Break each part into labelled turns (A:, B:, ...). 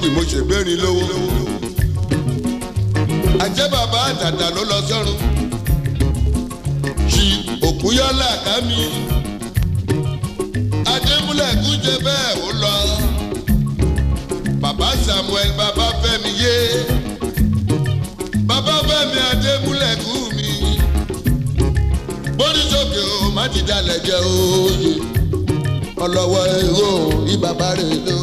A: gbìn mo ṣègbérin lówó. àjẹ́ bàbá àtàtà ló lọ sọ́run ṣì òkúyọ́lá kámi adémúlẹ̀ kújẹ bẹ́ẹ̀ ó lọ bàbá Samuel bàbá Fẹ́mi yé bàbá Fẹ́mi adémúlẹ̀ kú mi bórí sókè o má ti dalẹ̀ jẹ́ òye ọlọ́wọ́ èrò rí bàbá rẹ̀ lọ.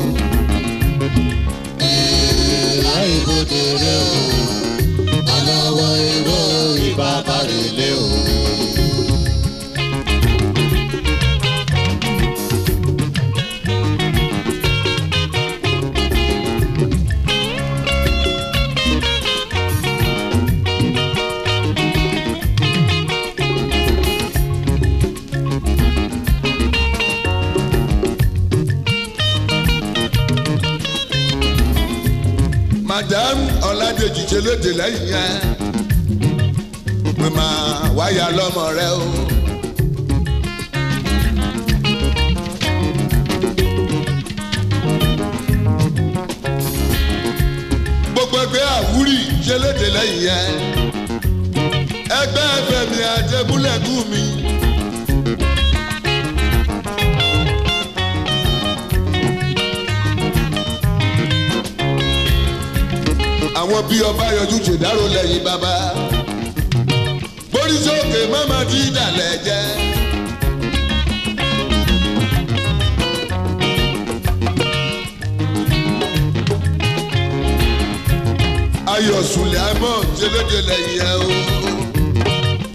A: do yẹn ẹgbẹ́ fẹ̀mí àjẹmúlẹ̀kùn mi. àwọn bí ọba yọjú ṣèdárò lẹ́yìn bàbá borí sókè má má ti dàlẹ́ ayọ̀ sùnlẹ̀ àmọ́ jẹlẹ́jẹ lẹ́yìn ẹ o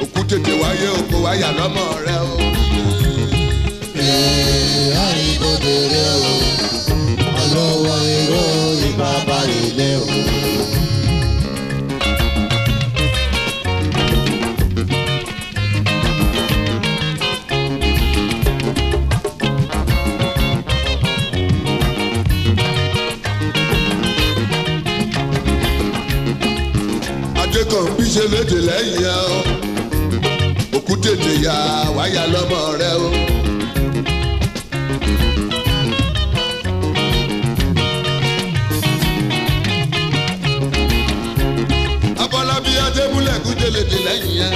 A: òkú tètè wáyé òkú wáyà lọ́mọ rẹ o. ee àìkò bèrè o ọlọ́wọ́ irú ìbá balẹ̀ lẹ́wọ̀. ṣe méje lẹ́yìn ẹ o òkú tètè yá wáyà lọ́mọ rẹ o. Afọlábí Adébúlẹ̀ kú tẹ̀lẹ̀tẹ̀ lẹ́yìn ẹ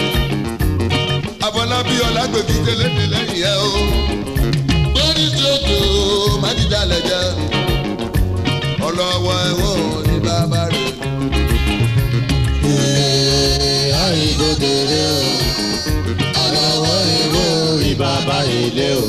A: Afọlábí Ọlágbèkí tẹ̀lẹ̀tẹ̀ lẹ́yìn ẹ o gbórí tó tó má dídá lẹ́jẹ̀ ọlọ́wọ́ ẹ̀wọ̀n. bàbá ilé o.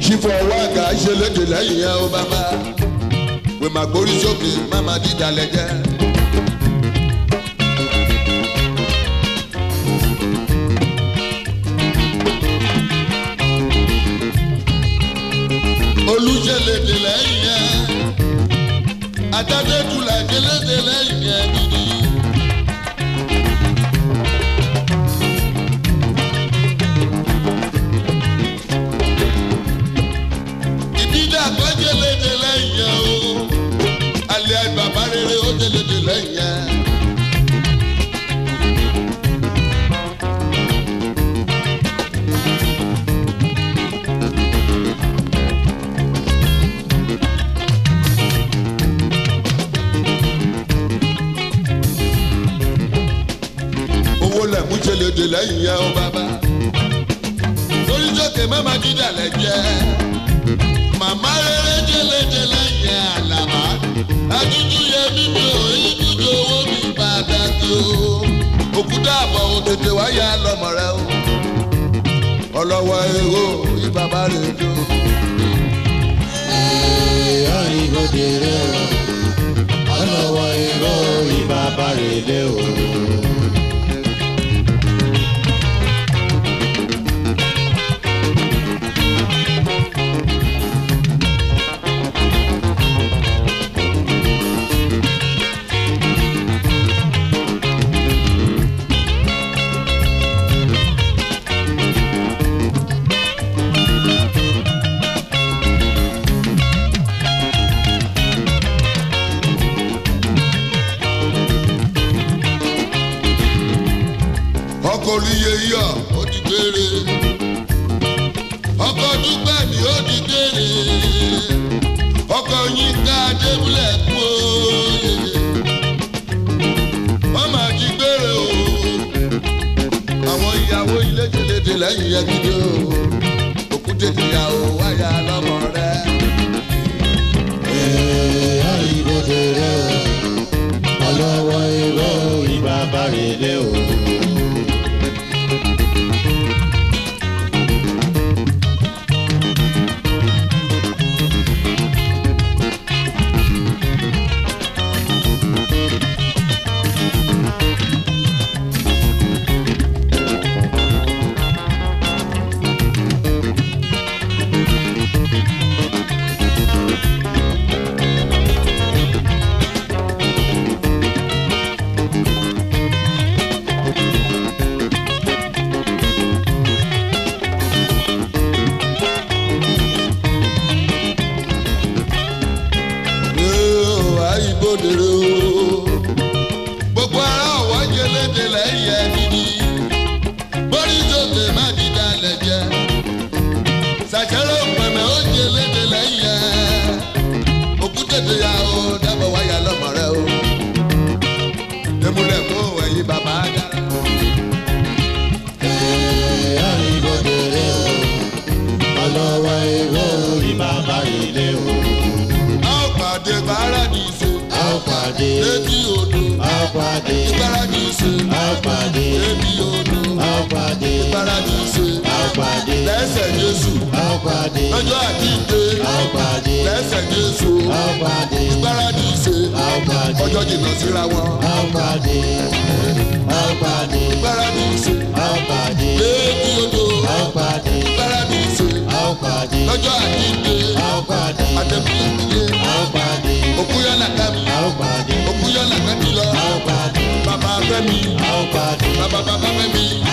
A: ṣífọ̀ wá gàá ṣe lédè lẹ́yìn ẹ̀ ó bàbá má gbórí sókè má má dídalẹ̀ jẹ́. olùṣèlédè lẹ́yìn yẹn adájọ́ ìtura ìdílédè lẹ́yìn yẹn. lẹ́yìn yẹn ó bàbá. torí jókè ma, jíjà lẹ jẹ́ màmá rere jẹ́lẹ́jẹ́ lẹ́yìn àlàbá adújú yẹ mímí ò ibùdó owó mi padà tó. òkúta àbọ̀ òun tètè wáyà lọ́mọ rẹ o ọlọ́wọ́ èrò ìbàbá rẹ̀ dùn. ẹ̀ẹ́dá ìgbọ́dé rẹ̀ o ọlọ́wọ́ èrò ìbàbá rẹ̀ dé o. lẹ́yìn yẹn gidi o òkúté jìyà o wáyà lọ́mọ rẹ. ẹ̀ẹ́ àìbọ̀dẹ̀ rẹ o ọlọ́wọ́ irọ́ ìbá bá lé o. apàdé ìparadíṣe apàdé ebi odò apàdé ìparadíṣe apàdé lẹ́sẹ̀ Jésù apàdé lọ́jọ́ àjíǹde apàdé lẹ́sẹ̀ Jésù apàdé ìparadíṣe apàdé ọjọ́ jìnnà síra wọn apàdé apàdé ìparadíṣe apàdé ebi odò apàdé ìparadíṣe apàdé lọ́jọ́ àjíǹde. fẹ́ mi. a ó pàdé. bàbá bàbá fẹ́ mi.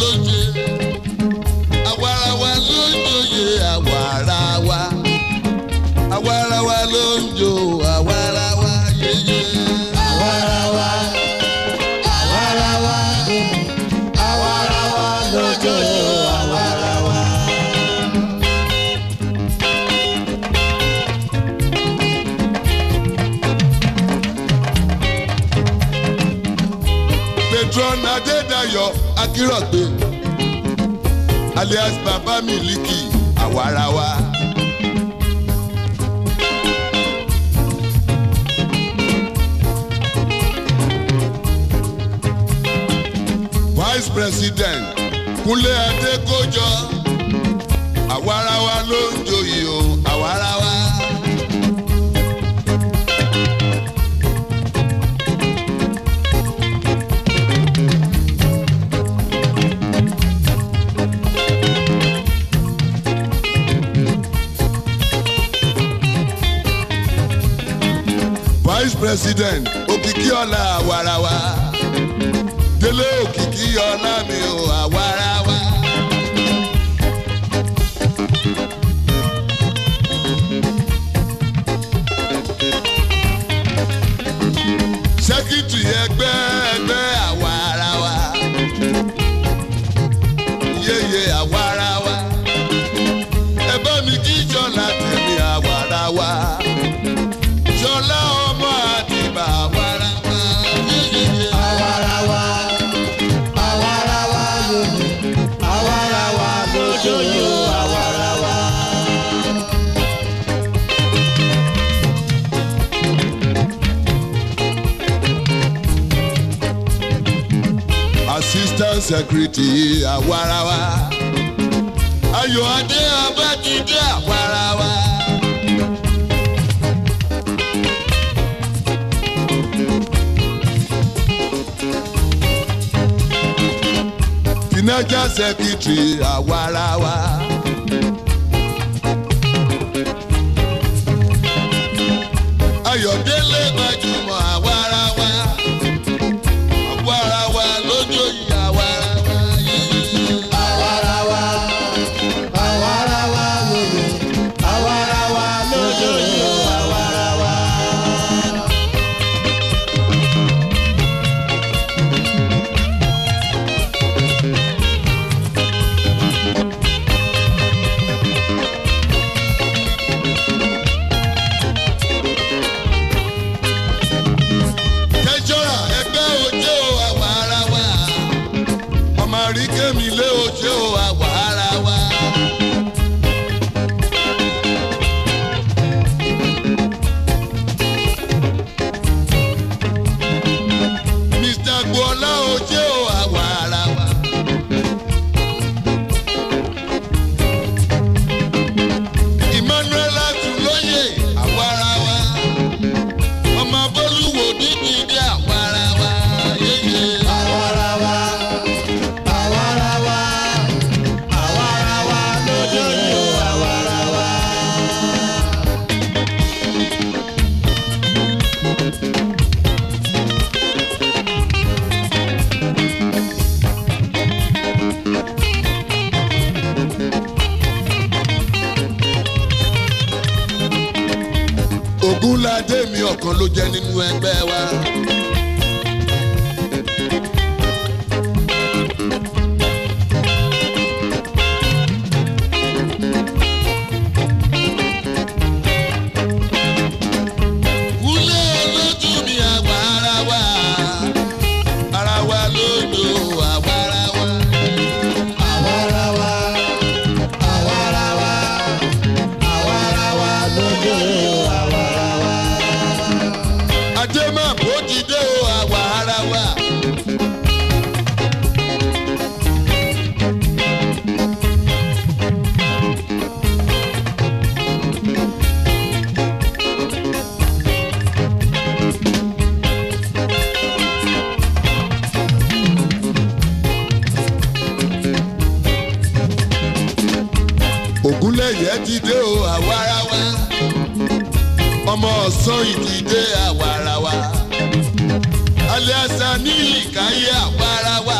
A: lóye àwa ara wa ló ń Patron Adédayọ̀ Akírọ̀gbé alias Bàbá Mílíkì àwarawa. Vice President Kúnlé Adékọjọ àwarawa ló ń joyè o. president òkìkí ọlá àwàràwà délé òkìkí ọlá mi ò àwàrà. security àwọ̀ ara wa ayọ̀ adé abájídé àwọ̀ ara wa. financial secretary àwọ̀ ló jẹ́ nínú ẹgbẹ́ wa. Ògúnléyè ti dé o àwara wa ọmọ ọ̀sán ìdílé àwara wa aliasa ní ìkáyé àwara wa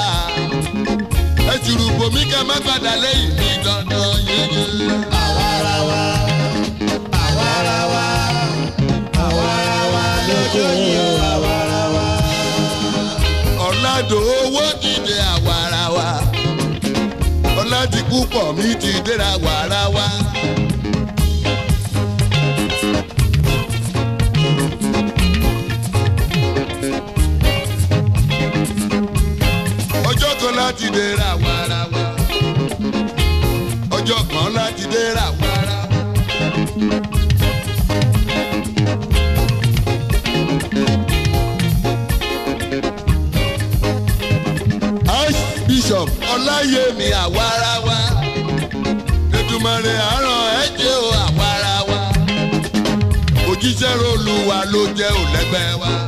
A: ẹ ti rúbọ mí kẹ má padà lẹ́yìn ní dandan yẹn. àwara wa àwara wa àwara wa lójú yìí o àwara wa. ọ̀làdò owó dìde àwara ti kú pọ̀ mi ti gbéra wàrà wá. ò lẹ́gbẹ́ wá.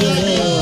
A: Yeah.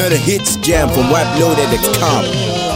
A: another hits jam from loaded comp.